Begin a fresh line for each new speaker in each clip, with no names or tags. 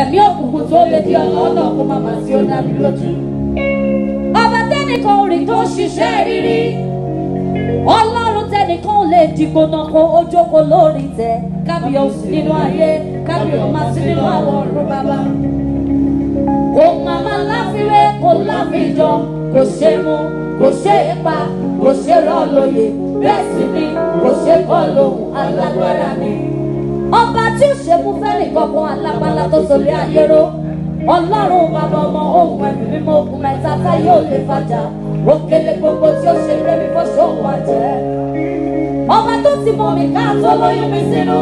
ẹ̀mí òkùnkùn tó lè di ọlọ́nà kó má má sí ó dá mi lójú. ọba tẹ́nìkan ò rí tó ṣiṣẹ́ rírí ọlọ́run tẹ́nìkan ò lè dìgbò náà kó ó jókòó lórí tẹ kábíyọ̀ sí nínú ayé kábíyọ̀ má sí nínú àwọn ọ̀run bàbá. kò màmá láfiwé kò láfijọ kò ṣe mú kò ṣe é kò ṣe rọ́ lóye bẹ́ẹ̀ sì ni kò ṣe kọ́ lòun alágbára ni ṣe fún fẹ́nìkọ̀kan alápálá tó sọlé ayéró ọlọ́run bàbá ọmọ ohun ẹ̀mí mímọ́ ogun mẹ́ta táyé ò fàjà òkèlè gbogbo tí ó ṣe rémi fọ́ ṣòwò àjẹ́ ọba tó ti mọ̀ mí káàtó lóyún mi sínú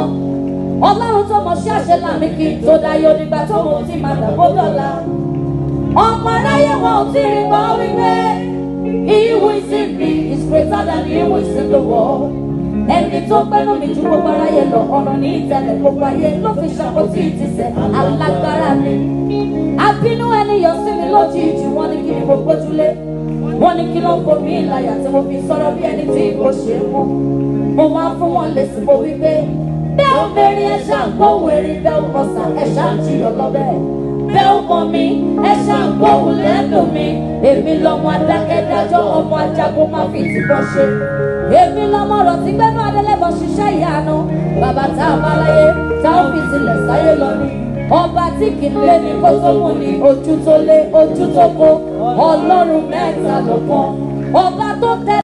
ọlọ́run tó mọ̀ sí àṣẹ làmì kì í tó dayọ̀ nígbà tó mọ̀ ti máa dàgbò dọ̀la ọmọ aráyé wọn ò tí ì rí wípé he who is me is greater than he who is the world tó gbẹ́nu mi ju gbogbo aráyé lọ ọ̀nà ní ìtẹ̀lẹ̀ gbogbo ayé ló fi ṣàkóso ìtìsẹ̀ alágbára mi. abínú ẹni yọ sí mi lójijì wọ́n ní kí ni mo gbójúlé wọ́n ní kí ló ń bomi ìlàyà tí mo fi sọ̀rọ̀ bí ẹni tí kò ṣe mú. mo máa fún wọn lè sìnkú wípé bẹ́ẹ̀ ń bẹ̀rẹ̀ ẹ ṣàǹgbọ̀wò eré bẹ́ẹ̀ ń kọsà ẹ ṣàǹjìyàn lọ́bẹ̀ bẹ́ẹ̀ ń mọ mi ẹ ṣàǹgbọ̀wò lẹ́dùn mi èmi lọ́mọ adákẹ́dájọ́ ọmọ ajagun má fi tìbọn ṣe èmi lọ́mọ ọ̀rọ̀ tí gbẹ́nu adẹ́lẹ́ tá a bá láyé tá a fi tilẹ̀ sáyé lọ ni ọba tí kì í lé ní kó tó mú ni ojú tó lé ojú tó kó ọlọ́run mẹ́ta lọ́kan ọba tó tẹ́.